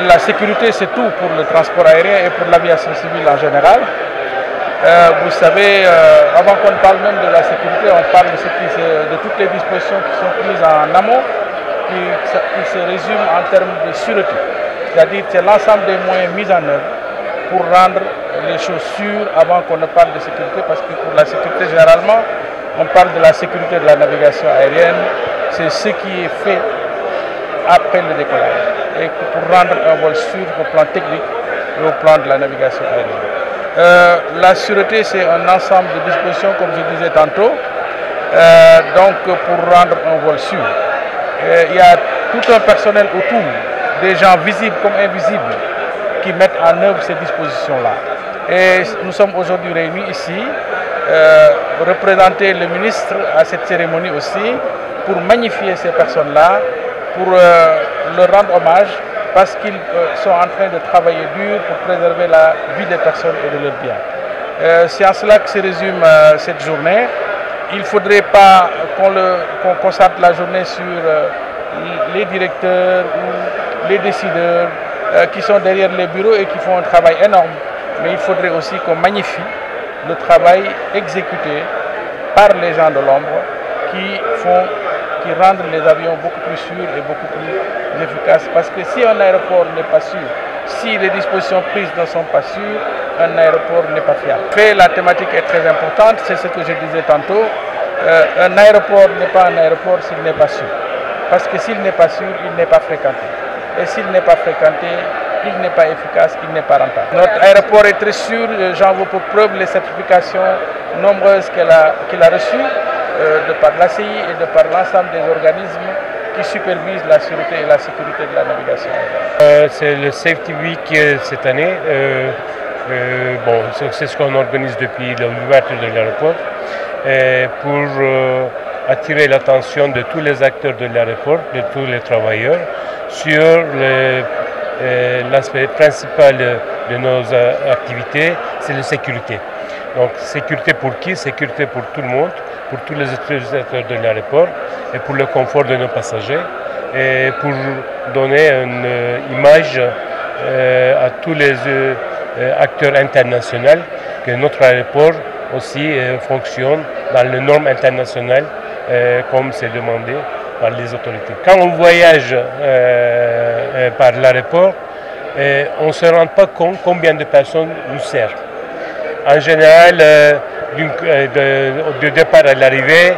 la sécurité, c'est tout pour le transport aérien et pour l'aviation civile en général. Euh, vous savez, euh, avant qu'on ne parle même de la sécurité, on parle de, toutes les dispositions qui sont prises en amont, qui, se résument en termes de sûreté. C'est-à-dire c'est l'ensemble des moyens mis en œuvre pour rendre les choses sûres avant qu'on ne parle de sécurité, parce que pour la sécurité, généralement, on parle de la sécurité de la navigation aérienne. C'est ce qui est fait après le décollage et pour rendre un vol sûr au plan technique et au plan de la navigation aérienne. Euh, la sûreté, c'est un ensemble de dispositions, comme je disais tantôt, euh, donc pour rendre un vol sûr. Euh, il y a tout un personnel autour, des gens visibles comme invisibles, qui mettent en œuvre ces dispositions-là. Et nous sommes aujourd'hui réunis ici, euh, représenter le ministre à cette cérémonie aussi, pour magnifier ces personnes-là, pour leur rendre hommage parce qu'ils euh, sont en train de travailler dur pour préserver la vie des personnes et de leurs biens. Euh, c'est en cela que se résume euh, cette journée. Il ne faudrait pas qu'on concentre la journée sur les directeurs les décideurs qui sont derrière les bureaux et qui font un travail énorme. Mais il faudrait aussi qu'on magnifie le travail exécuté par les gens de l'ombre qui font qui rendent les avions beaucoup plus sûrs et beaucoup plus efficaces. Parce que si un aéroport n'est pas sûr, si les dispositions prises ne sont pas sûres, un aéroport n'est pas fiable. Après, la thématique est très importante, c'est ce que je disais tantôt. Euh, un aéroport n'est pas un aéroport s'il n'est pas sûr. Parce que s'il n'est pas sûr, il n'est pas fréquenté. Et s'il n'est pas fréquenté, il n'est pas efficace, il n'est pas rentable. Notre aéroport est très sûr, euh, j'en veux pour preuve les certifications nombreuses qu'il a, a reçues. Euh, de par l'ACI et de par l'ensemble des organismes qui supervisent la sécurité et la sécurité de la navigation. Euh, c'est le Safety Week euh, cette année. c'est ce qu'on organise depuis l'ouverture de l'aéroport pour attirer l'attention de tous les acteurs de l'aéroport, de tous les travailleurs, sur l'aspect principal de nos activités, c'est la sécurité. Donc sécurité pour qui Sécurité pour tout le monde, pour tous les utilisateurs de l'aéroport et pour le confort de nos passagers et pour donner une euh, image euh, à tous les euh, acteurs internationaux que notre aéroport aussi fonctionne dans les normes internationales comme c'est demandé par les autorités. Quand on voyage par l'aéroport, on ne se rend pas compte combien de personnes nous servent. En général, euh, du euh, de, départ à l'arrivée,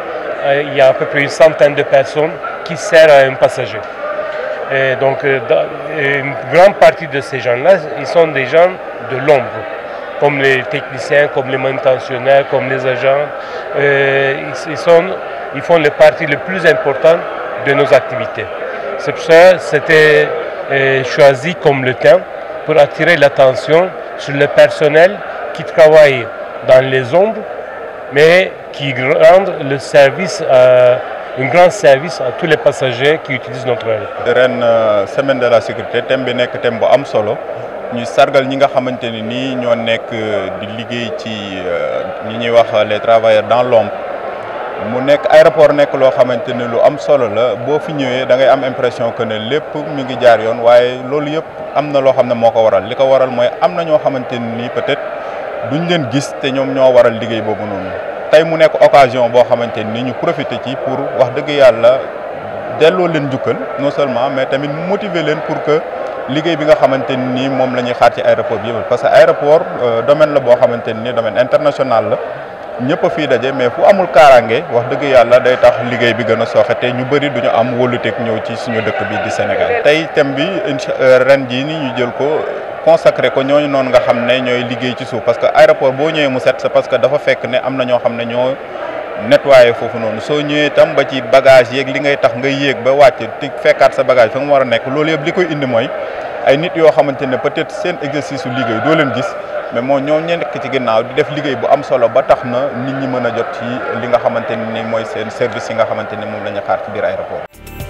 euh, il y a à peu près une centaine de personnes qui servent à un passager. donc, une grande partie de ces gens-là, ils sont des gens de l'ombre, comme les techniciens, comme les manutentionnaires, comme les agents. Ils, font la partie la plus importante de nos activités. C'est pour ça que c'était choisi comme le temps pour attirer l'attention sur le personnel qui travaillent dans les ombres, mais qui rendent le service, à, euh, un grand service à tous les passagers qui utilisent notre aéroport. ren euh, semaine de la sécurité thème bi nekk thème am solo ñu sargal ñi nga xamanteni ni ño nek euh, di liggéey ci ñi wax les travailleurs dans l'ombre mu nek aéroport nek lo xamanteni lu am solo la bo fi ñëwé da ngay am impression que ne lepp ñu ngi jaar yoon waye lolu yëpp amna lo loo moko waral liko waral moy amna ño xamanteni xamante peut-être. duñ leen gis te ñoom ñoo waral liggéey boobu noonu tey mu nekk occasion boo xamante ni ñu profité ci pour wax dëgg yàlla delloo leen njukkal non seulement mais tamit motiver leen pour que liggéey bi nga xamante ni moom la ñuy xaar ci aéroport bi yëpp parce que aéroport euh, domaine la boo xamante ni domaine international la ñëpp fii daje mais fu amul kaaraange wax dëgg yàlla day tax liggéey bi gën a sooxe te ñu bëri duñu am wóoluteeg ñëw ci suñu dëkk bi di Sénégal tey thème bi euh, jël ko. consacré ko ñoo non nga xamné ñoy liggéey ci suuf parce que aéroport bo ñëwee mu set c'est parce que dafa fekk né amna ño xamné ño ne ñoo nettoyé foofu noonu soo ñëwee tam ba ci bagage yeeg li ngay tax nga yéeg ba wacc ti fekkaat sa bagage fa mu war a loolu yëpp likoy indi moy ay nit yo xamante peut-être seen exercice liggéey do leen gis mais mo ñoo ñu nek ci ginnaw di def liggéey bu am solo ba taxna nit ñi mëna jot ci li nga xamante ni mooy seen service yi nga xamante ni moom xaar ci biir aéroport